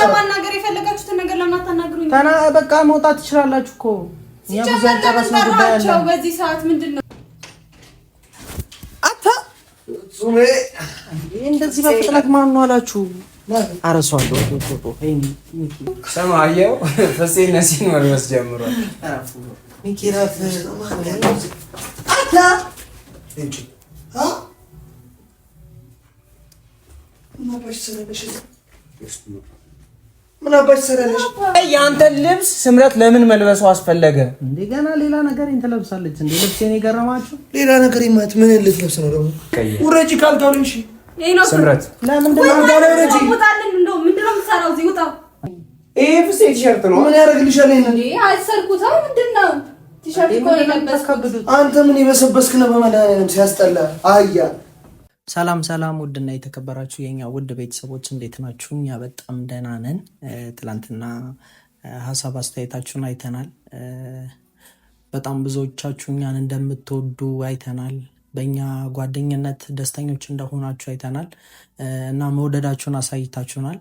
ለማናገር የፈለጋችሁትን ነገር ለምን አታናግሩኝ? በቃ መውጣት ትችላላችሁ እኮ በዚህ ሰዓት ምንድን ነው እንደዚህ በፍጥነት ማነው አላችሁ? አረሷለሁ ሰማየው ፈሴና ሲኖር ጀምሯል። ምን አባሽ ትሰሪያለሽ? ልብስ ስምረት ለምን መልበሱ አስፈለገ? እንደገና ሌላ ነገር ትለብሳለች። እንደ ልብስ የኔ ገረማችሁ። ሌላ ነገር ይማት ምን ልትለብስ ነው ደግሞ? ውረጂ ካልጋውልኝ። እሺ ስምረት ለምን ነው ካልጋውልኝ? ውረጂ እዚህ? ውጣ። ይሄ ፍሴ ቲሸርት ነው። ምን ያደርግልሻል? እንዴ አሰርኩት። አሁን ቲሸርት እኮ ነው አንተ ምን የበሰበስክ ነው በመድኃኒዓለም ሲያስጠላ አህያ ሰላም ሰላም ውድና የተከበራችሁ የኛ ውድ ቤተሰቦች እንዴት ናችሁ? እኛ በጣም ደህና ነን። ትላንትና ሀሳብ አስተያየታችሁን አይተናል። በጣም ብዙዎቻችሁ እኛን እንደምትወዱ አይተናል። በእኛ ጓደኝነት ደስተኞች እንደሆናችሁ አይተናል እና መውደዳችሁን አሳይታችሁናል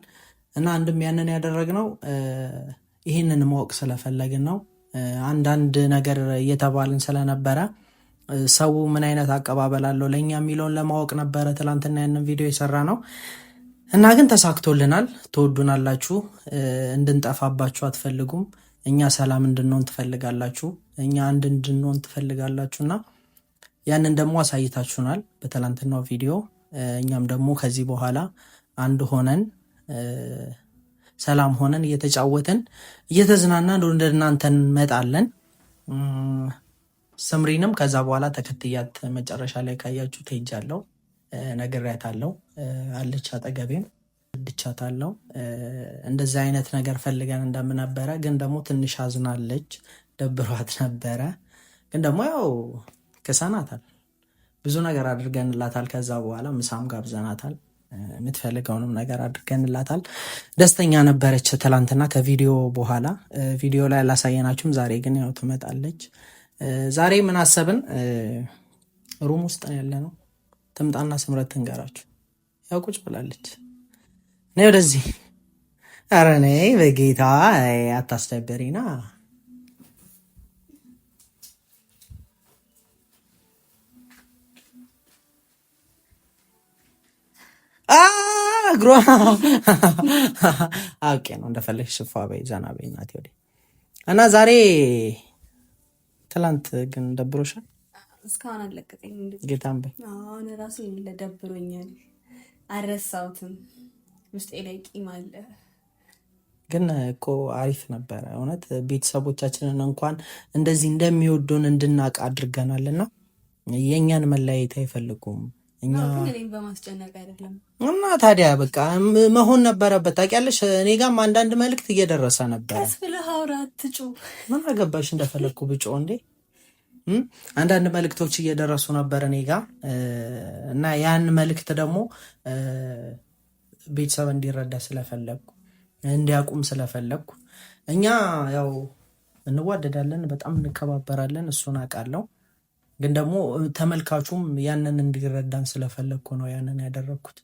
እና አንድም ያንን ያደረግነው ይህንን ማወቅ ስለፈለግን ነው። አንዳንድ ነገር እየተባልን ስለነበረ ሰው ምን አይነት አቀባበል አለው ለእኛ የሚለውን ለማወቅ ነበረ ትላንትና ያንን ቪዲዮ የሰራ ነው እና ግን ተሳክቶልናል። ትወዱናላችሁ። እንድንጠፋባችሁ አትፈልጉም። እኛ ሰላም እንድንሆን ትፈልጋላችሁ። እኛ አንድ እንድንሆን ትፈልጋላችሁ እና ያንን ደግሞ አሳይታችሁናል በትላንትናው ቪዲዮ። እኛም ደግሞ ከዚህ በኋላ አንድ ሆነን ሰላም ሆነን እየተጫወትን እየተዝናናን ወደ እናንተ እንመጣለን። ስምሪንም ከዛ በኋላ ተከትያት መጨረሻ ላይ ካያችሁ ትሄጃለሁ። ነግሬያታለሁ፣ አለች አጠገቤም ድቻታለው እንደዚህ አይነት ነገር ፈልገን እንደምነበረ ግን ደግሞ ትንሽ አዝናለች፣ ደብሯት ነበረ። ግን ደግሞ ያው ክሰናታል፣ ብዙ ነገር አድርገንላታል። ከዛ በኋላ ምሳም ጋብዘናታል፣ የምትፈልገውንም ነገር አድርገንላታል። ደስተኛ ነበረች። ትላንትና ከቪዲዮ በኋላ ቪዲዮ ላይ አላሳየናችሁም። ዛሬ ግን ያው ትመጣለች። ዛሬ ምን አሰብን? ሩም ውስጥ ነው ያለ ነው። ትምጣና ስምረት ትንገራችሁ። ያው ቁጭ ብላለች። እኔ ወደዚህ ኧረ እኔ በጌታ አታስደብሪና እግሯ አውቄ ነው እንደፈለግሽ ስፋ በይ፣ ዘና በይ እናቴ። ወዲህ እና ዛሬ ትላንት ግን ደብሮሻል? እስካሁን አለቀቀኝ። ጌታን በይ። አሁን ራሱ ደብሮኛል፣ አልረሳሁትም። ውስጤ ላይ ቂም አለ። ግን እኮ አሪፍ ነበረ እውነት። ቤተሰቦቻችንን እንኳን እንደዚህ እንደሚወዱን እንድናውቅ አድርገናል እና የእኛን መለያየት አይፈልጉም። እና ታዲያ በቃ መሆን ነበረበት። ታውቂያለሽ፣ እኔ ጋም አንዳንድ መልእክት እየደረሰ ነበር ምን አገባሽ እንደፈለግኩ ብጮ እንዴ። አንዳንድ መልእክቶች እየደረሱ ነበር እኔ ጋ እና ያን መልእክት ደግሞ ቤተሰብ እንዲረዳ ስለፈለግኩ እንዲያቁም ስለፈለግኩ እኛ ያው እንዋደዳለን፣ በጣም እንከባበራለን። እሱን አውቃለሁ። ግን ደግሞ ተመልካቹም ያንን እንዲረዳን ስለፈለግኩ ነው ያንን ያደረግኩት።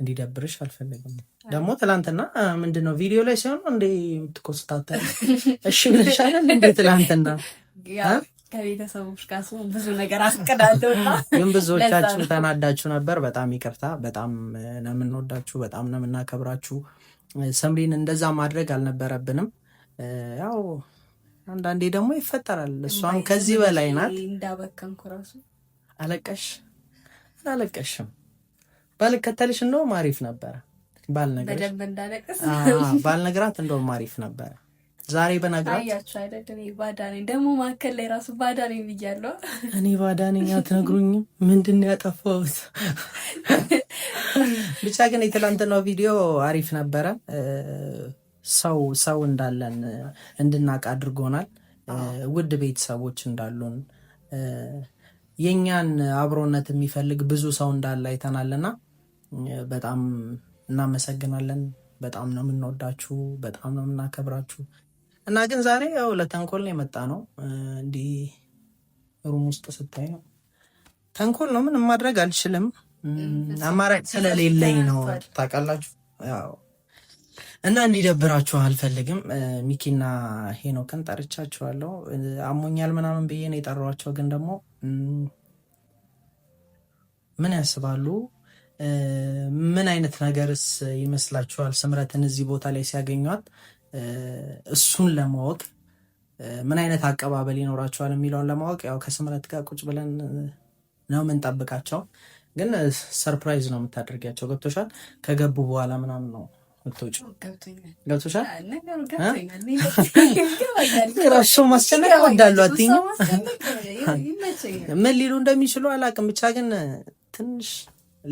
እንዲደብርሽ አልፈለግም። ደግሞ ትላንትና ምንድነው ቪዲዮ ላይ ሲሆን እንደ የምትኮስታተ እሺ ብለሻል። እንደ ትላንትና ከቤተሰቦች ጋር ሲሆን ብዙ ነገር አስቀዳለሁና፣ ግን ብዙዎቻችሁ ተናዳችሁ ነበር። በጣም ይቅርታ። በጣም ነው የምንወዳችሁ፣ በጣም ነው የምናከብራችሁ። ሰምሪን እንደዛ ማድረግ አልነበረብንም ያው አንዳንዴ ደግሞ ይፈጠራል። እሷም ከዚህ በላይ ናት። እንዳበከንኩ ራሱ አለቀሽ አላለቀሽም ባልከተልሽ እንደውም አሪፍ ነበረ። ባልነግራት እንደውም አሪፍ ነበረ። ዛሬ በነግራት አያችሁ አይደል? እኔ ባዳ ነኝ። ደግሞ መካከል ላይ ራሱ ባዳ ነኝ ብያለሁ። እኔ ባዳ ነኝ አትነግሩኝም? ምንድን ነው ያጠፋሁት? ብቻ ግን የትላንትናው ቪዲዮ አሪፍ ነበረ። ሰው ሰው እንዳለን እንድናቅ አድርጎናል። ውድ ቤተሰቦች እንዳሉን የእኛን አብሮነት የሚፈልግ ብዙ ሰው እንዳለ አይተናልና በጣም እናመሰግናለን። በጣም ነው የምንወዳችሁ፣ በጣም ነው የምናከብራችሁ እና ግን ዛሬ ያው ለተንኮል ነው የመጣ ነው። እንዲህ ሩም ውስጥ ስታይ ነው ተንኮል ነው። ምንም ማድረግ አልችልም፣ አማራጭ ስለሌለኝ ነው። ታውቃላችሁ ያው እና እንዲደብራችሁ አልፈልግም። ሚኪና ሄኖክን ጠርቻችኋለሁ። አሞኛል ምናምን ብዬ ነው የጠራኋቸው። ግን ደግሞ ምን ያስባሉ? ምን አይነት ነገርስ ይመስላችኋል? ስምረትን እዚህ ቦታ ላይ ሲያገኟት እሱን ለማወቅ ምን አይነት አቀባበል ይኖራቸዋል የሚለውን ለማወቅ ያው ከስምረት ጋር ቁጭ ብለን ነው የምንጠብቃቸው። ግን ሰርፕራይዝ ነው የምታደርጊያቸው። ገብቶሻል? ከገቡ በኋላ ምናምን ነው ምቶች ገብቶሻል። ራሱ ማስጨነቅ ወዳሉ ምን ሊሉ እንደሚችሉ አላውቅም። ብቻ ግን ትንሽ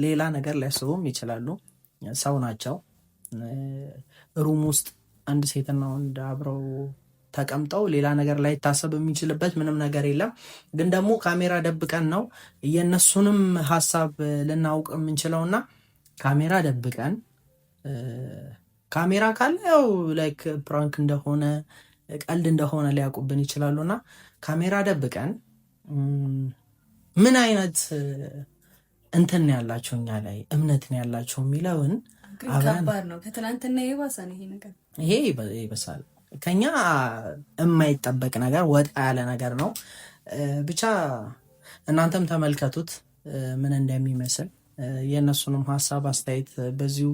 ሌላ ነገር ሊያስቡም ይችላሉ። ሰው ናቸው። ሩም ውስጥ አንድ ሴትና ወንድ አብረው ተቀምጠው ሌላ ነገር ላይ ታሰብ የሚችልበት ምንም ነገር የለም። ግን ደግሞ ካሜራ ደብቀን ነው የእነሱንም ሀሳብ ልናውቅ የምንችለውና ካሜራ ደብቀን ካሜራ ካለ ያው ላይክ ፕራንክ እንደሆነ ቀልድ እንደሆነ ሊያውቁብን ይችላሉ። እና ካሜራ ደብቀን ምን አይነት እንትን ያላቸው እኛ ላይ እምነት ነው የሚለውን ከባድ ነው። የባሰ ነው ይሄ ነገር፣ ይሄ ይበሳል። ከኛ የማይጠበቅ ነገር ወጣ ያለ ነገር ነው። ብቻ እናንተም ተመልከቱት ምን እንደሚመስል የእነሱንም ሀሳብ አስተያየት በዚሁ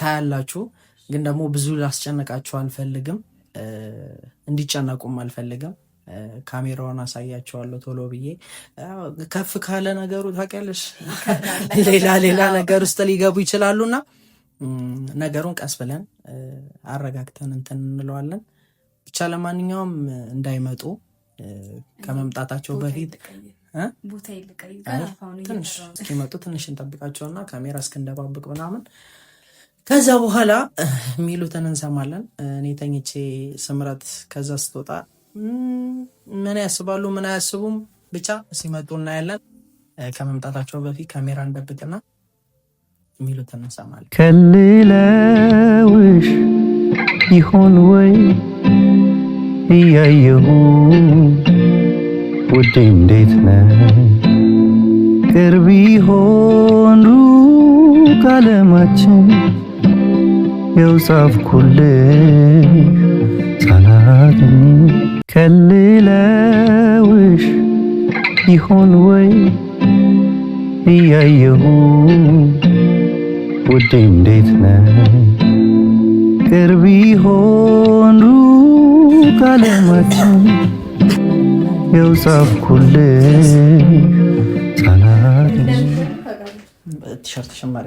ታያላችሁ። ግን ደግሞ ብዙ ላስጨነቃችሁ አልፈልግም፣ እንዲጨነቁም አልፈልግም። ካሜራውን አሳያቸዋለሁ ቶሎ ብዬ። ከፍ ካለ ነገሩ ታውቂያለሽ፣ ሌላ ሌላ ነገር ውስጥ ሊገቡ ይችላሉና ነገሩን ቀስ ብለን አረጋግተን እንትን እንለዋለን። ብቻ ለማንኛውም እንዳይመጡ ከመምጣታቸው በፊት ትንሽ እስኪመጡ ትንሽ እንጠብቃቸውና ካሜራ እስክንደባብቅ ምናምን ከዛ በኋላ የሚሉትን እንሰማለን። እኔ ተኝቼ ስምረት ከዛ ስትወጣ ምን ያስባሉ ምን አያስቡም ብቻ ሲመጡ እናያለን። ከመምጣታቸው በፊት ካሜራ እንደብቅና የሚሉትን እንሰማለን። ከልለውሽ ይሆን ወይ እያየሁ ውዴ እንዴት ነ ቅርብ ይሆን ቃለማችን የውጻፍኩልሽ ቃላትን ከልለውሽ ይሆን ወይ እያየሁ ውዴ እንዴት ነሽ ቅርብ ይሆኑ ቃለማችን የውጻፍኩልሽ ቃላትን ቲሸርት ሸማሪ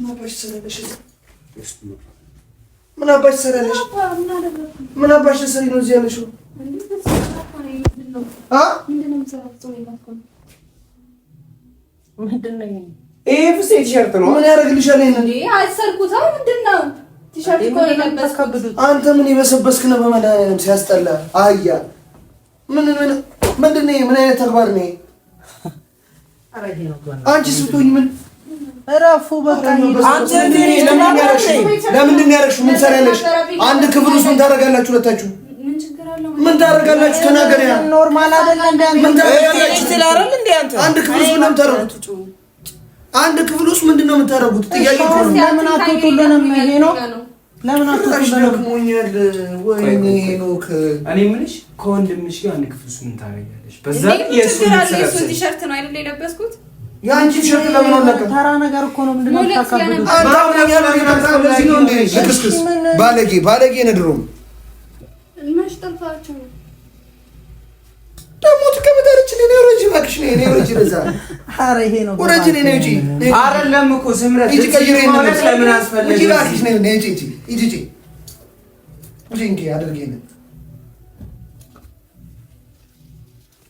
ምን አባሽ ትሰሪያለሽ? ምን አባሽ ልትሰሪ ነው እዚህ ያለሽው? ይሄ ፍሴ ቲሸርት ነው። ምን ያደርግልሻል? አንተ ምን የበሰበስክ ነው? በመድኃኒዓለም ሲያስጠላ አህያ። ምን ምን ምንድን ነው? ምን አይነት ተግባር ነው? አንቺ ስብቶኝ ምን እረፉ በቃ። አንተ ለምንድን ነው ያደረግሽው? ምን ሰራለሽ? አንድ ክፍል ውስጥ ምን ታደርጋላችሁ? ሁለታችሁ ምን ታደርጋላችሁ? ተናገሪ። ኖርማል አይደለም እንዴ? ምን ታደርጋላችሁ? እንዴ? አንተ አንድ ክፍል ውስጥ ምን ታደርጉት? አንድ ክፍል ውስጥ ምንድን ነው የምታደርጉት? ጥያቄ ነው። ለምን አትወጡልንም? ይሄ ነው ለምን አትወጡልንም? ወይኔ ሄኖክ፣ እኔ የምልሽ ከወንድምሽ ጋር አንድ ክፍል ውስጥ ምን ታደርጊያለሽ? በዛ የእሱን ቲሸርት ነው አይደል የለበስኩት የአንቺ ሸርት ለምን ወለቀ? ተራ ባለጌ ባለጌ ነድሮም ደግሞ ትቀመጣለች። እኔ ወረጅ እባክሽ፣ እኔ ወረጅ በዛ እኔ ውጪ አይደለም እኮ ስምረት እንጂ ለምን አስፈለገ?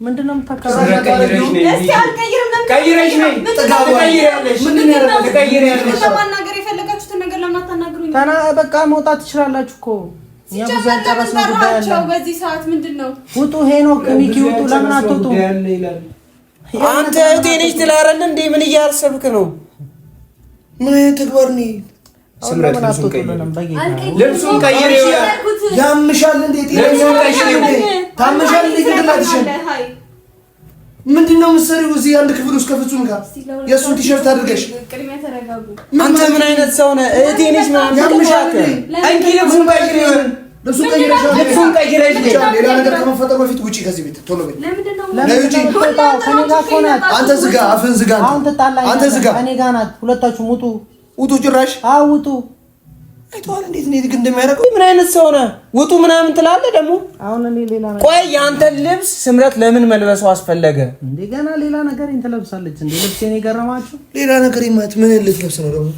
ምንድን ነው የምታከራከረው? እስኪ አልቀይርም ቀይረሽ በቃ መውጣት ትችላላችሁ እኮ በዚህ ሰዓት ውጡ፣ ሄኖክ ሚኪ ውጡ። ለምን አትወጡ? አንተ እህቴ ነች ትላለህ እንዴ? ምን እያሰብክ ነው? ምን አይነት ተግባር ነው? ልብሱን ቀይር። ያምሻል እንዴ? ታምሻል እንዴ? ምንድን ነው የምትሰሪው እዚህ አንድ ክፍል ውስጥ ከፍጹም ጋር የእሱን ቲሸርት አድርገሽ? አንተ ምን አይነት ሰው ነህ? እህቴ ነሽ ምናምን ያምሻል። እንኪ ልብሱን ቀይረሽ፣ ልብሱን ቀይረሽ። ሌላ ነገር ከመፈጠሩ በፊት ውጪ ከዚህ ቤት ቶሎ በይ። አንተ ዝጋ፣ አፍህን ዝጋ። አንተ ዝጋ። ሁለታችሁም ውጡ፣ ውጡ፣ ጭራሽ ውጡ አይተዋል እንዴት እንዴት ግን እንደሚያደርገው ምን አይነት ሰው ነህ? ውጡ ምናምን ትላለህ። ደግሞ አሁን እኔ ሌላ ነገር ቆይ፣ የአንተን ልብስ ስምረት ለምን መልበሱ አስፈለገ? እንደገና ሌላ ነገር ትለብሳለች። እንደ ልብስ እኔ ገረማችሁ። ሌላ ነገር ይማት ምን ልትለብስ ነው ደግሞ?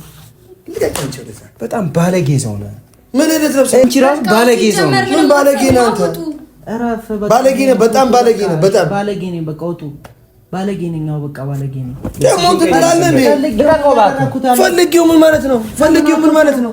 በጣም ባለጌ ሰው ነህ። ምን ልትለብስ እንቺ ራሱ ባለጌ ሰው ነህ። ምን ባለጌ ነህ አንተ? እረፍ። ባለጌ ነህ፣ በጣም ባለጌ ነህ። በጣም ባለጌ ነህ። በቃ ውጡ ባለጌ ነኝ። አዎ በቃ ባለጌ ነኝ። ደግሞ ትላለህ። ፈልጌው ምን ማለት ነው? ፈልጌው ምን ማለት ነው?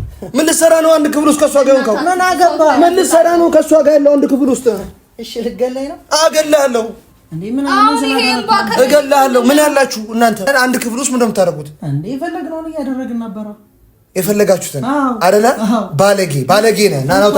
ምን ልትሰራ ነው? አንድ ክፍል ውስጥ ከእሷ ጋር የሆንከው ምን ምን ልትሰራ ነው? ከእሷ ጋር ያለው አንድ ክፍል ውስጥ እሺ፣ ልትገለኝ ነው? እገልሃለሁ እገልሃለሁ። ምን ያላችሁ እናንተ አንድ ክፍል ውስጥ ምን እንደምታደርጉት የፈለግነውን እያደረግን ነበረ። የፈለጋችሁትን አይደለ? ባለጌ ባለጌ ነህ። ና ናውጣ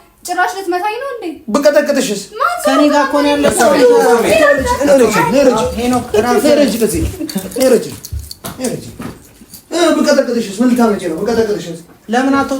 ጭራሽ ልትመታኝ ነው እንዴ? ብቀጠቅጥሽስ? ከኔ ጋር እኮ ነው ያለው። ነው? ለምን ነው?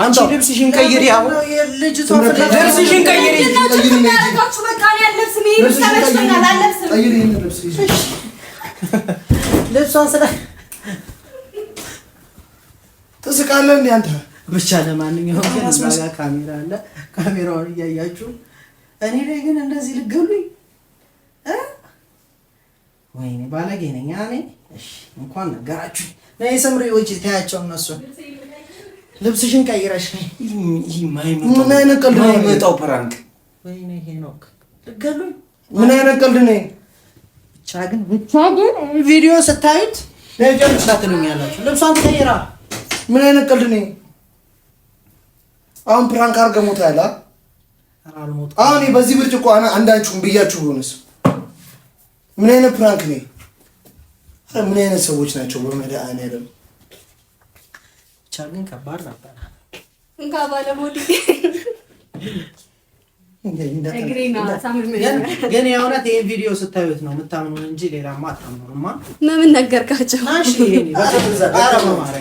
አንቺ ልብስሽን ቀይሪ። ትስቃለህ እንደ አንተ ብቻ። ለማንኛውም ካሜራ አለ፣ ካሜራውን እያያችሁ እኔ ላይ ግን እንደዚህ ልገሉኝ። ወይኔ ባለጌ ነኝ እኔ። እንኳን ነገራችሁ። ነይ ስምሪ፣ ውጪ፣ ተያቸው እነሱን ልብስሽን ቀይረሽ ምን አይነት ቀልድ ነው የመጣው? ፕራንክ ወይኔ ሄኖክ ልገሉኝ። ምን አይነት ቀልድ ነው? ብቻ ግን ብቻ ግን ቪዲዮ ስታዩት ለጀርቻ ያላችሁ ልብሷን ቀይራ ምን አይነት ቀልድ ነው? አሁን ፕራንክ አድርገህ ያላ አሁን በዚህ ብርጭቆ አንዳችሁም ብያችሁ ሆነስ ምን አይነት ፕራንክ ነው? ምን አይነት ሰዎች ናቸው በመድኃኒዓለም ብቻ ግን ከባድ ነበር። እንካ ባለሞድ ግን የእውነት ይህን ቪዲዮ ስታዩት ነው የምታምኑ እንጂ ሌላማ አታምኑማ። ምን ነገርካቸው?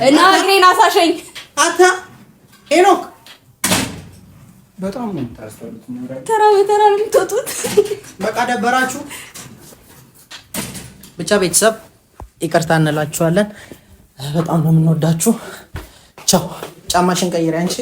እና እግሬን አሳሸኝ አታ ሄኖክ በጣም ተራ በተራ ነው የምትወጡት። በቃ ደበራችሁ። ብቻ ቤተሰብ ይቅርታ እንላችኋለን። በጣም ነው የምንወዳችሁ። ቻው። ጫማሽን ቀይሪ አንቺ